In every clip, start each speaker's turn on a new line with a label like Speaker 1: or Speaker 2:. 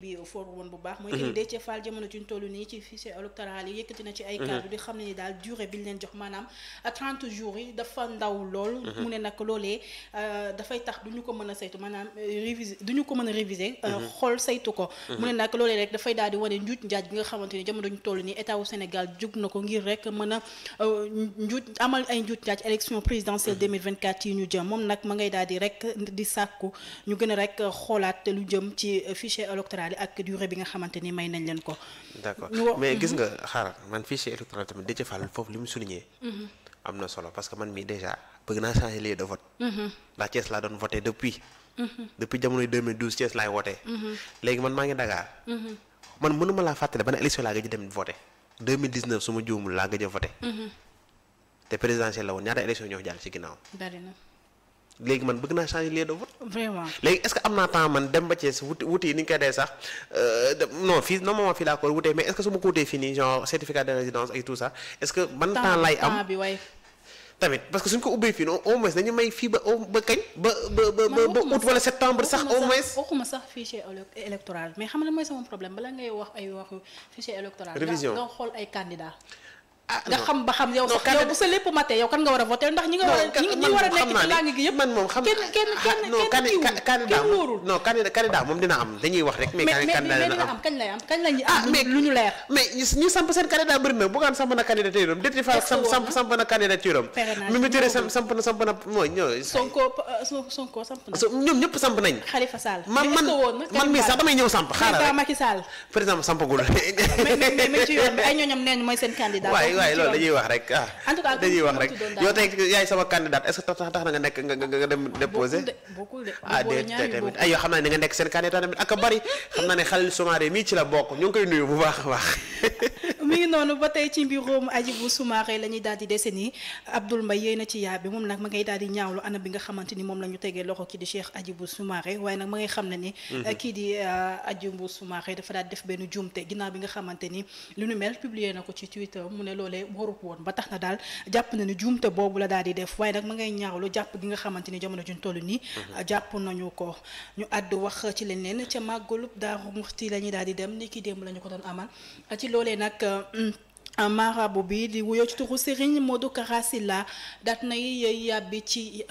Speaker 1: bi fooru woon bu baax mooy que mhm. ni Déthié Fall jamono ci ñu toll nii ci fichier électoral yi yëkkati na ci ay mhm. kàddu di xam ne ni daal durée bi leen jox maanaam euh, trente jours yi dafa mhm. euh, dafay tax du ñu ko mën a saytu maanaam euh, réviser ko mën a réviser xool saytu ko mu ne nag loolee rek dafay daal di wane njuuj njaaj bi nga xamante ni jamono ñu toll nii état wu Sénégal jug na ko ngir rek mën a njuuj amal ay njuuj njaaj élection présidentielle 2024 yi ñu jëm moom nag ma ngay daal di rek di sàkku ñu gën a lu jëm ci fichier électoral électorale yi ak durée bi nga xamante ni may nañ leen ko.
Speaker 2: d'accord mais gis mhm. nga xaaral man fichier électoral tamit Déthié Fall foofu li mu souligné. Mhm. am na solo parce que man mii déjà bëgg naa changer de vote. Mhm. depuis. depuis jamonoy 2012 Thiès laay wootee. léegi man maa ngi Dakar. man mënuma laa fàttale ban élection laa gëj dem voté 2019 su ma juumul laa gëj a voté. te présidentielle la woon ñaata élection ñoo jàll ci ginnaaw. léegi man bëgg naa changer lieu de vote. vraiment léegi est ce que am naa temps man dem ba Thiès wuti wuti ni ñu koy dee sax euh, non fii normalement fii laa ko wutee mais est ce que su ma ko wutee fii nii genre certificat de résidence ak temps lay am tamit parce que suñ ko ubbee fii noonu au moins dañu may fii ba ba kañ. ba ba ba ba août wala septembre sax au moins.
Speaker 1: waxuma sax fichier électoral mais xam nga mooy sama problème bala ngay wax ay waxu fichier électoral. révision nga xool ay candidats. Ah, nga xam ba xam yow sax yow bu sa lépp mate yow kan nga war a voté ndax ñi nga war a a nekk ci langue gi yëpp man moom xam kenn man mii sax damay ñëw samp xaaral Macky Sall
Speaker 2: par exemple sampagul
Speaker 1: mais ay ñooñam neñ mooy seen candidat waaye loolu dañuy wax
Speaker 2: rek ah. en tout cas dañuy wax rek yow tey yaay sama candidate est-ce que tax tax na nga nekk nga nga dem déposer.
Speaker 1: ah de tamit ay xam
Speaker 2: naa ne nga nekk seen candidat tamit a bari xam naa ne Khalil Soumaré mii ci la bokk ñu ngi koy nuyu bu baax a baax.
Speaker 1: mi ngi noonu ba tey ci mbirum Hadjibou Soumaré la ñuy daal di dese nii Abdoul Mbaye yéey na ci yaa bi moom nag ma ngay daal di ñaawlu ana bi nga xamante ni moom la ñu tegee loxo di Cheikh Hadjibou Soumaré waaye nag ma ngay xam ne ni mhm. kii di Hadjibou euh, Soumaré dafa daal def benn juumte ginnaaw bi nga xamante ni lu nu mel publier na ko ci Twitter mu ne loole warut woon ba tax na daal jàpp na ni juumte boobu la daal di def waaye nag ma ngay ñaawlu jàpp gi nga xamante ni jamono juñ toll nii mhm. euh, jàpp nañu ko ñu àddu wax ci leneen ca màggalub Daaru Muxti la ñuy daal di dem ni ki démb la ñu ko doon amal ci loolee nag euh, Euh, mm, marabu bi di wuyoo ci turu Serigne Modou Kara Sylla daat nay yàbbi ci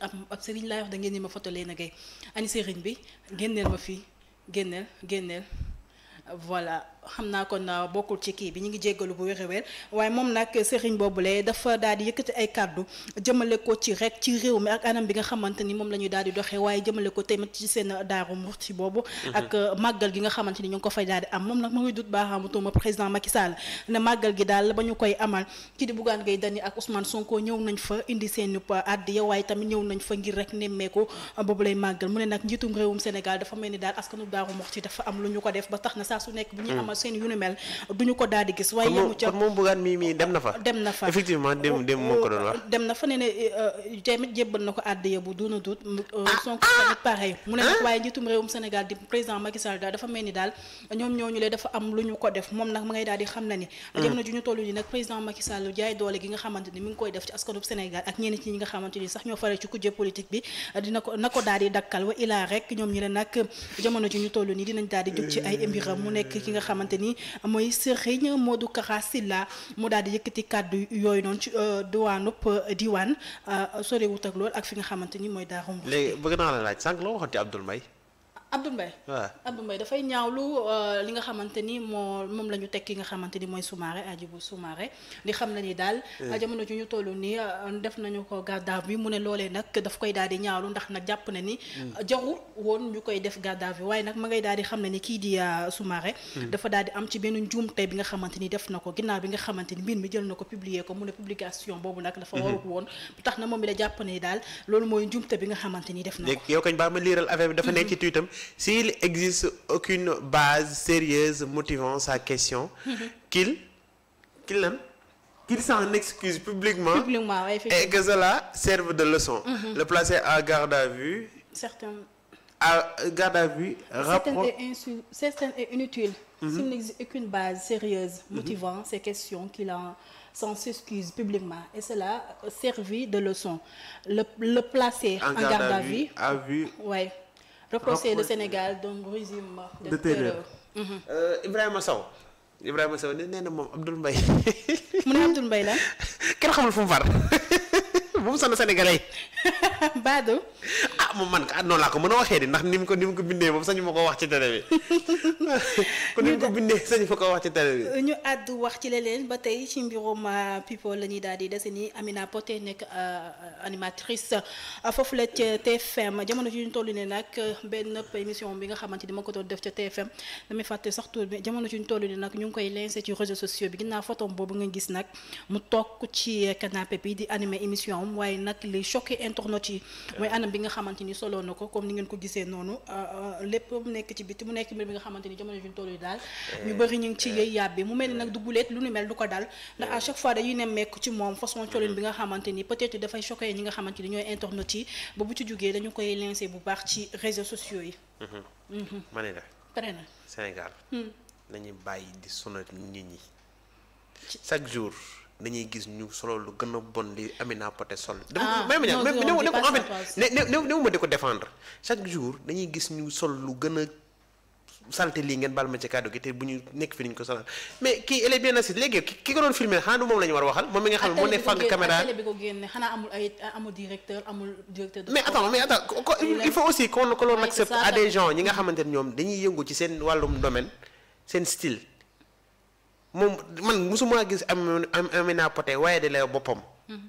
Speaker 1: ab Serigne laay wax da ngeen ni ma photo leen a gay ani Serigne bi génneel ma fii génneel génneel voilà xam naa kon euh, bokkul ci kii bi ñu ngi jéggalu bu wér a wér waaye moom nag sëriñ boobule dafa daal ko rek ci réew mi ak anam bi nga xamante ni moom la ñuy daal di doxee waaye jëmale ko tamit ci seen daaru murti boobu mhm. ak euh, gi nga xamante ni ñu ko fay daal di am moom nag ma ngi dut baaxaamu tuuma président Macky ba koy amal kii di Bougane Gueye Dany ak Ousmane fa indi seen euh, addiya waaye tamit ñëw nañ fa ngir rek nemmeeku boobu lay màggal mu ne nag njiitum réewum Sénégal dafa mel ni daal askanu daaru murti dafa am lu ñu ko def ba tax na saa su nekk bu ñuy mhm. amal ma seen yu ni mel duñu ko daal gis waaye yemu ca
Speaker 2: na
Speaker 1: na fa effectivement na fa ne ne eh, tamit eh, jébbal na ko àddiya bu duuna duut eh, ah, Sonko tamit ah! pareil ni daal ñoom ñooñu lee lu ñu ko def moom nag ma ngay di xam na ni hmm. jamono ju ñu toll ni nag président Macky Sall jaay doole gi nga xamante ni mi ngi koy ni politique bi dina ko na ko daal di dakkal wa ilaa rek ñoom ñi le nag jamono ji ñu toll ni dinañ daal di ci ay mbiram mu nekk ki nga xamante xamante ni mooy Serigne Modou Kara Sylla mu daal di yëkkati kàddu yooyu noonu ci euh, diwaanub euh, diwaan euh, sore wut ak lool ak fi nga xamante ni mooy Darou Mouhty. léegi
Speaker 2: bëgg naa la laaj sànq loo waxoon ci Abdoul Mbaye Abdou Mbaye waaw
Speaker 1: Abdou Mbaye dafay ñaawlu euh, li nga xamante ni moo moom la ñu teg ki nga xamante ni mooy Soumaré Hadjibou Soumaré di xam na ni daal eh. ah, jamono ju ñu toll nii euh, def nañu ko garde bi mu ne loolee nag daf koy daal di ñaawlu ndax nag jàpp na ni hmm. euh, jarul woon ñu koy def garde bi waaye nag ma ngay daal di xam ne ni kii di Soumaré hmm. dafa daal di am ci benn njuumte bi nga xamante ni def na ko ginnaaw bi nga xamante ni mbir mi jël na ko publier ko mu ne publication boobu nag dafa hmm. warul woon tax na moom mi la jàpp ne daal loolu mooy njuumte bi nga xamante ni def na
Speaker 2: ko yow kañ baax ma liiral affaire bi dafa s'il existe aucune base sérieuse motivant sa question qu'il qu'il s'en excuse publiquement,
Speaker 1: et que cela
Speaker 2: serve de leçon mm-hmm. le placer à garde à vue
Speaker 1: certain et inutile mm-hmm. s'il n'existe aucune base sérieuse mm-hmm. motivant ces questions qu'il a s'en publiquement et cela servit de leçon le le en, garde, à vue reprocher le Sénégal d'un régime de terreur mhm.
Speaker 2: euh, Ibrahima Sow Ibrahima Sow nee na moom Abdoul Mbaye
Speaker 1: mu ne Abdoul Mbaye lan
Speaker 2: kenn xamul fu mu far
Speaker 1: bu mu sonn sénégalais yi.
Speaker 2: ah moom man ah noon laa ko mën a waxee di ndax ni mu ko ni mu ko bindee moom ko wax ci télé kon ni mu ko bindee sañu ma ko wax ci télé
Speaker 1: euh, wax ci leneen ba tey ci mbirum euh, people la ñuy daal di dese ni Amina Poté nekk euh, animatrice foofu la ca TFM jamono ji ñu toll nii nag benn émission bi nga xamante ni ma ko doon def ca TFM damay fàtte sax tur bi jamono ji ñu toll nii nag ñu ngi koy lancé ci réseaux sociaux bi ginnaaw photo boobu nga gis nag mu toog ci canapé bi di animé émission waaye nag li choqué internet yi mooy anam bi nga xamante ni soloo na ko comme ni ngeen ko gisee noonu euh, euh, lépp mu nekk ci biti mu nekk mbir bi nga xamante ni jamono juñ toll yi daal eh, ñu bëri ñu ngi ci eh. yëy yàbbi mu mel ni nag eh. duguleet lu ni mel du ko dal ndax à chaque fois dañuy nemmeeku ci moom façon colin mm. bi nga xamante ni peut-être dafay ñi nga xamante ñooy internet yi ba bu ci jógee dañu koy lancé bu baax ci réseaux sociaux yi
Speaker 2: mm-hmm. Mm-hmm. la pare na Sénégal mm. jour dañuy gis ñu solo lu gën a bon li Amina Poté sol. ah non non non non en fait ne ma di ko défendre chaque jour dañuy gis ñu sol lu gën a salté lii ngeen baal ma ci kàddu gi te bu ñu nekk fi ñu ko sonal mais kii elle est bien assise léegi ki ko doon filmé xanaa du moom la war waxal moom mi nga xam moo ne fàgg caméra bi
Speaker 1: ko génne xanaa amul ay amul directeur amul directeur mais attends mais il faut aussi
Speaker 2: qu'on que l'on accepte à des gens ñi nga xamante ne ñoom dañuy yëngu ci seen wàllum domaine seen moom man mosuma gis am am Amina Poté waaye de la boppam.
Speaker 1: Mm-hmm.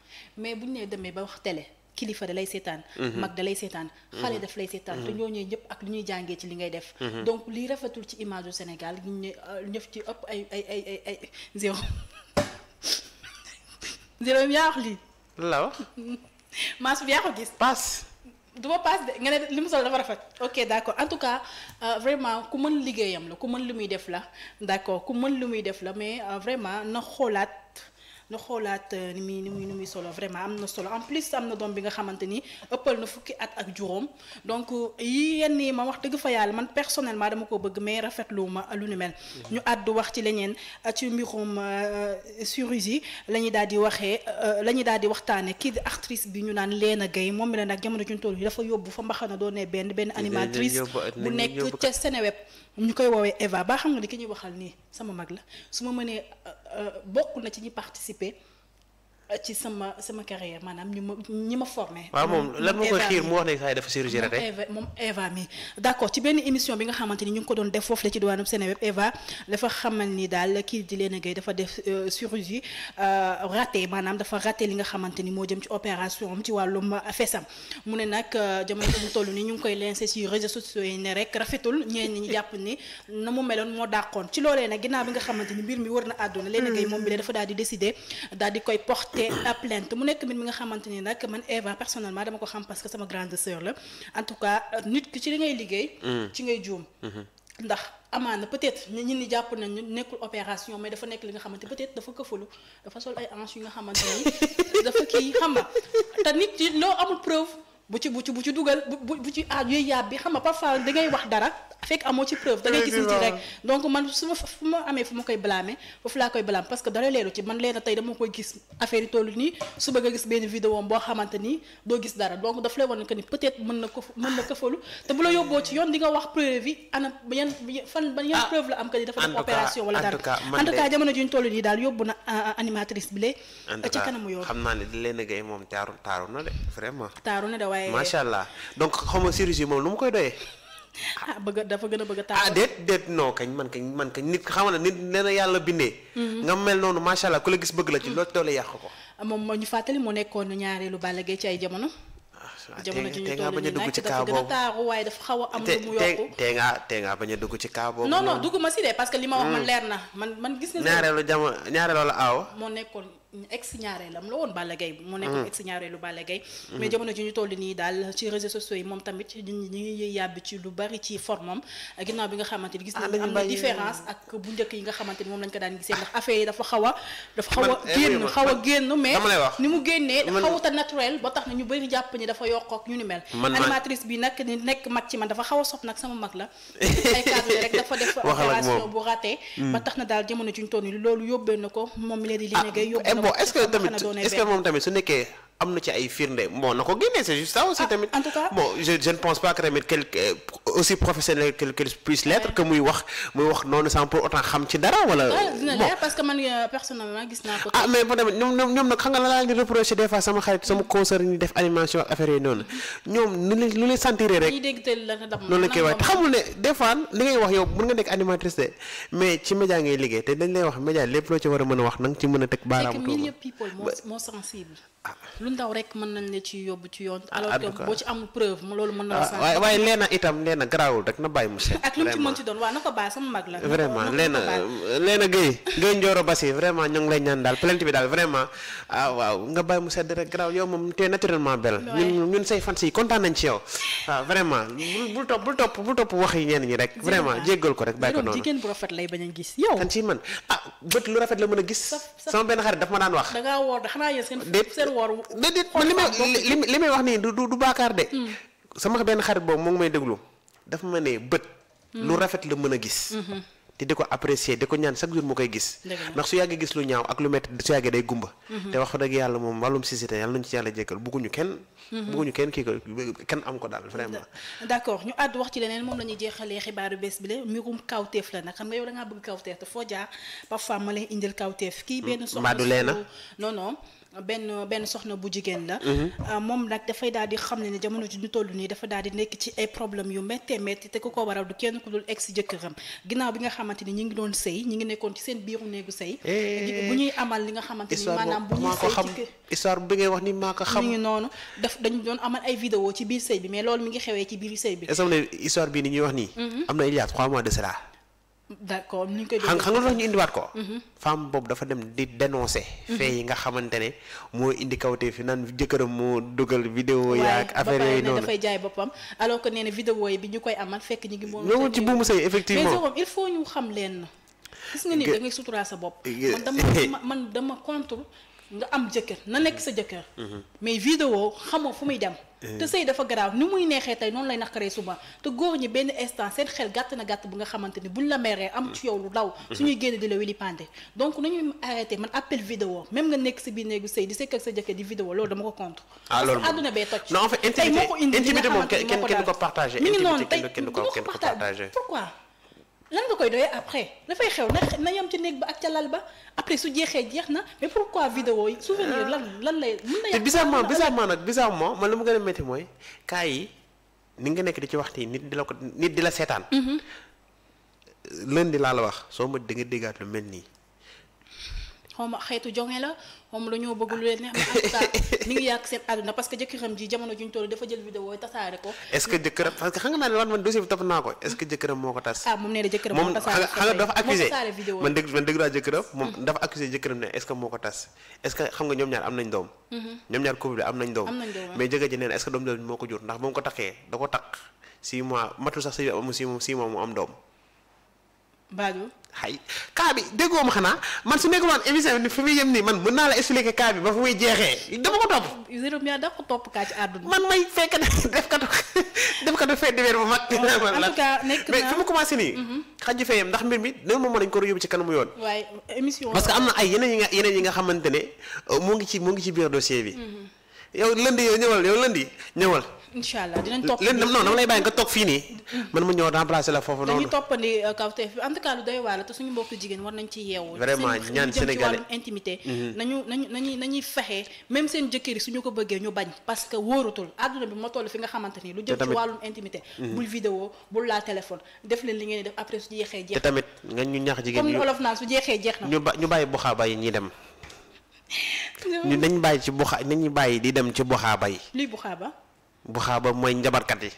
Speaker 1: mais bu ñu nee demee ba wax télé kilifa da lay seetaan. Mhm. mag da lay seetaan. xale mhm. daf lay seetaan te mhm. ñooñu ñëpp ak lu ñuy jàngee ci li ngay def. donc li rafetul ci image du Sénégal ñu euh, ñëf ci ëpp ay ay ay ay zéro zéro yaa wax lii. la wax. bi yaa ko gis. paas. du ma paas de nga ne li mu sol dafa rafet. ok d' accord en tout cas euh, vraiment ku mën liggéeyam la ku mën lu muy def la d' ku mën lu muy def la mais euh, vraiment na xoolaat. ñu xoolaat euh, ni muy ni muy ni muy solo vraiment am na solo en plus am na doom bi nga xamante ni ëppal na fukki at ak juróom donc euh, yi yenn yi ma wax dëgg fa yàlla man personnellement dama ko bëgg mais rafetlu ma lu ni mel. Mhm. ñu àddu wax ci leneen euh, ci mbirum chirurgie la ñuy daal di waxee la ñuy daal di waxtaanee kii di actrice bi ñu naan Léna Gueye moom mi la nag jamono ci ñu toll dafa yóbbu fa mbaxana doon ne benn benn animatrice bu nekk ca Seneweb ñu koy woowee Eva ba xam nga di ki ñuy waxal nii sama mag la su ma mënee Euh, bokk na ci ñi participer ci sama sama carrière maanaam ñu ma ñi ma formé. waaw moom lan moo koy xiir mu wax
Speaker 2: ne saa dafa chirurgie rek. Eh?
Speaker 1: moom Eva mi d' ci benn émission bi nga xamante ni ñu ngi ko doon def foofu la ci diwaanu Seneweb Eva dafa xamal ni daal kii di Léna euh, euh, li nga xamante ni moo jëm ci opération am ci wàllum fesam mu ne nag euh, nii ñu ngi koy lancé ci réseaux sociaux yi ne rek rafetul ni na mu meloon moo dàqoon ci loolee nag ginnaaw bi nga xamante ni mbir mi wër na àdduna. Léna Gueye moom bi dafa daal di décider daal di koy porter porté à plainte mu nekk mbir mi nga xamante ni nag man Eva personnellement dama ko xam parce que sama grande la en tout cas nit ki ci li ngay liggéey mm. ci ngay juum mm-hmm. ndax amaana peut-être ñun ñi jàpp nañu nekkul opération mais dafa nekk li nga xamante peut-être dafa këfalu dafa sol ay hanches nga xamante ni dafa kii xam nga te nit loo amul preuve bu ci bu ci bu ci dugal bu bu ci ah yooyu yàb bi xam nga parfois da ngay wax dara fekk amoo ci preuve da ngay gis nit rek donc ma amee fu ma koy blâmer foofu laa koy blâmer parce que dara leeru ci man leena tey dama koy gis affaire yi toll nii gis benn vidéo boo xamante nii doo gis dara donc daf lay wan que ni peut-être mën na ko mën yoon di nga wax preuve yi wala ah, dara en tout cas jamono ji daal yóbbu na animatrice bi lee xam
Speaker 2: naa ne di gay moom taaru taaru na de
Speaker 1: taaru na de waaye macha
Speaker 2: allah donc xaw ma chirurgie moom lu mu koy doyee.
Speaker 1: ah, ah bëgg dafa gën a bëgg a tàmbali. ah déet
Speaker 2: déet non kañ man kañ mhm. la gis la ci loolu doole yàq ko.
Speaker 1: Ah, moom moo ñu fàttali mu nekkoon ñaareelu Balla Gaye ci ay jamono. Ah, jamono ji ñu toll nii nag dafa gën a taaru waaye dafa xaw a am lu mu yokku
Speaker 2: te ngaa te ngaa bañ a dugg ci cas boobu. non
Speaker 1: ma si de parce que li ma wax man mm. leer na man man gis. ne ñaareelu
Speaker 2: jamono ñaareelu la aaw.
Speaker 1: moo nekkoon ex ñaareelam la woon Balla Gaye mu nekk mm. ex mm. ñu toll nii daal ci réseaux ah, dafa xaw a dafa xaw a eh, génn xaw a génn mais ni mu génnee xawuta naturel ba na ñu bëri jàpp ni dafa yokk ak bi nag ni nekk sama mag la ay dafa def opération bu raté mm. ba tax na daal jamono ji toll nii loolu yóbbee na ko moom mi leen di li bon est-ce moom
Speaker 2: tamit su nekkee am na ci ay firnde bon na ko génnee c'est aussi
Speaker 1: ah, tamit bon
Speaker 2: je ne pense pas que tamit quelque euh, aussi professionnel que qu'il puisse que muy wax muy wax noonu sans pour autant xam ci dara wala bon
Speaker 1: parce que man euh, personnellement gis naa ko ah mais
Speaker 2: bon tamit ñoom ñoom ñoom nag xam nga la laa di reproché des sama xarit sama mm. concert ñu def animation affaire yi noonu ñoom nu leen lu leen sentiré rek
Speaker 1: noonu koy wax te xamul ne
Speaker 2: des li ngay wax yow mën nga nekk animatrice de mais ci média ngay liggéey lay wax média lépp loo a a wax nanga
Speaker 1: ci mën ndaw rek mën nañ la ci yóbbu ci yoon. Ah, alors que boo ci amul preuve loolu mën na la. waaw ah, waaye waaye leena
Speaker 2: itam leena garaawul rek na bàyyi mu set. ak lu mu ci mën
Speaker 1: ci doon waaw na ko bàyyi sama mag la. vraiment
Speaker 2: leena leena Guèye Guèye Ndioro Bassi vraiment ñu ngi lay ñaan daal plainte bi daal vraiment ah waaw nga bàyyi mu sedd rek garaaw yow moom te naturellement belle. ñun ñun say fans yi kontaan nañ ci yow. waaw ah, vraiment bul bul topp bul topp bul topp wax yi ñenn ñi rek. vraiment jéggal ko rek bàyyi ko noonu jigéen bu rafet lay bañ a gis yow. kan ci man ah bët lu rafet la mën a gis. sama benn xarit daf ma daan wax.
Speaker 1: da ngaa woor xanaa yéen seen seen woor déedéet man li may li
Speaker 2: may wax nii du du baakaar de. Hmm. sama benn xarit boobu moo may déglu dafa ma ne bët. Hmm. lu rafet la mën a gis. Hmm. te di ko apprécier di ko ñaan chaque jour mu koy gis. ndax su yàggee gis lu ñaaw ak lu métti su yàggee day gumba. te wax dëgg yàlla moom wàllum sisite yàlla yàlla jékkal bugguñu kenn. kii ko kenn am ko daal vraiment.
Speaker 1: d' ñu àddu wax ci leneen moom la ñuy jeexalee xibaaru bees bi la mbirum kawteef la nag xam nga yow da bëgg kawteef te foo jaar parfois ma lay indil kawteef. benn benn soxna bu jigéen la. Mhm. Euh, moom nag dafay daal di xam ne ne jamono ji ñu toll nii dafa daal di nekk ci ay problème yu méttee métti te ku ko waral du kenn ku dul ex jëkkëram ginnaaw bi nga xamante ni ñi ngi doon sëy ñi ngi nekkoon ci seen biiru néegu sëy. Eh. bu ñuy amal li nga xamante ni maanaam bu ñuy sëy
Speaker 2: histoire bi ngay wax ni maa ko xam. mi
Speaker 1: noonu daf dañu doon amal ay vidéo ci biir sëy bi mais loolu mi ngi xewee ci biir sëy bi.
Speaker 2: est bi que ni ñuy wax nii. Mhm. am na il y a trois mois
Speaker 1: d'accord ni ñu koy xam nga tax ñu indiwaat ko. Mhm.
Speaker 2: femme boobu dafa dem di dénoncer. Mhm. fee yi nga xamante ne moo indi kawte fi naan jëkkëram moo dugal. vidéo yaak affaire yooyu noonu dafay
Speaker 1: jaay boppam alors que nee na yi bi ñu koy amal fekk ñu ngi.
Speaker 2: moom
Speaker 1: il faut ñu xam leen. gis nga ni da ngay suturaa sa bopp. man dama man dama contre nga am jëkkër na nekk sa jëkkër. Mhm. mais vidéo xamoo fu muy dem. te sëy dafa garaaw ni muy neexee tey noonu lay naqaree suba te góor ñi benn instant seen xel gàtt na gàtt bu nga xamante ni bu la meree am ci yow lu daw suñuy génn di la wili pande donc nañuy arrêté man appel vidéo même nga nekk si biir néegu sëy di sekk ak sa jëkkër di vidéo loolu dama ko contre ah loolu àdduna bee toj non en fait intimité moom kenn ko
Speaker 2: partagé mi ngi noonu tey du ko partagé
Speaker 1: pourquoi lan nga koy doyee après dafay xew na na yam ci néeg ba ak ca lal ba après su jeexee jeex na mais pourquoi vidéo yi souvenir lan lan lay. mën te bizarrement bizarrement
Speaker 2: nag bizarrement man lu mu gën a métti mooy cas yi ni nga nekk di ci waxti nit di la ko nit di la seetaan. Mhm. di laa la wax soo ma dégg déggaat lu mel nii.
Speaker 1: xawma xeetu jonge la xawma la ñoo bëgg lu leen neex mais ngi yàq seen àdduna parce que jëkkëram ji jamono juñ toll dafa jël vidéo yi tasaare ko est que
Speaker 2: jëkkëram moo ko tas ah, mm-hmm. est que xam nga ñoom ñaar am nañ doom mm-hmm. ñoom ñaar couple am nañ doom mais jëkkër ji nee est que doom jooju moo ko jur ndax moom ko takkee da ko takk six matul sax sëy mu am doom xay cas bi déggoo ma xanaa man su nekkoon émission bi fi muy yem nii man mën naa la expliquer cas bi ba fu muy jeexee
Speaker 1: dama ko topp. Jérôme yaa da ko topp kaa ci àdduna. man may fekk def katu
Speaker 2: def katu fête de weer bu mag. Oh, en tout cas nekk naa mais fi mu commencé nii. Mhm. xaju fee yem ndax mbir mi dama moom lañ ko war a yóbbu ci kanamu yoon.
Speaker 1: waaye émission parce que am na ay
Speaker 2: yeneen yi nga yeneen yi nga xamante ne euh, mu ngi ci mu ngi ci biir dossier bi. Mhm. yow lënd yow ñëwal yow lënd ñëwal.
Speaker 1: incha allah dinañ topp leen non dama lay bàyyi nga
Speaker 2: toog fii nii. man ma ñëw remplacer la foofu noonu. dañuy
Speaker 1: toppandi euh, kawteef bi en tout cas lu doy waar la te suñu mbokku jigéen war nañ ci yeewu. vraiment ñaan sénégalais ci mm-hmm. nañu nañu fexe même seen jëkkër yi suñu ko bëggee ñu bañ parce que wóoratul àdduna bi moo toll fi nga xamante ni lu jëm ci wàllum intimité. Mm-hmm. bul vidéo bul laa téléphone def leen li ngeen def après su jeexee jeex. te tamit
Speaker 2: nga ñu ñaax jigéen ñi comme olof
Speaker 1: su jeexee jeex na.
Speaker 2: ba ñu bàyyi buxaaba yi ñuy dem
Speaker 1: ñu
Speaker 2: nañ bàyyi ci buxa nañu bàyyi di dem ci buxaaba yi bu xaaba mooy njabarkat yi.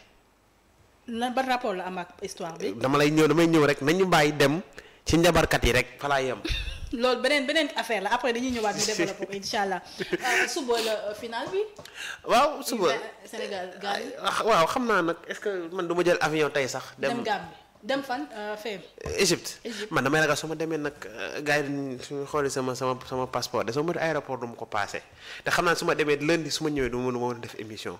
Speaker 1: na ba rapport la am ak histoire bi. dama
Speaker 2: lay ñëw damay ñëw rek nañu bàyyi dem ci njabarkat yi rek fa laa yem.
Speaker 1: loolu beneen beneen affaire la après dañuy ñëwaat ñu incha allah
Speaker 2: euh, suba la euh, waaw suba
Speaker 1: Sénégal Gambie.
Speaker 2: waaw xam naa nag est-ce que man du ma jël avion tey sax. dem dem Gambie
Speaker 1: dem fan euh, fee. Égypte man
Speaker 2: damay ragal su ma demee nag gars yi suñu xoolee sama sama sama passeport de soo ma aéroport du ma ko paase te xam naa su ma demee lundi su ma ñëwee du ma woo def émission.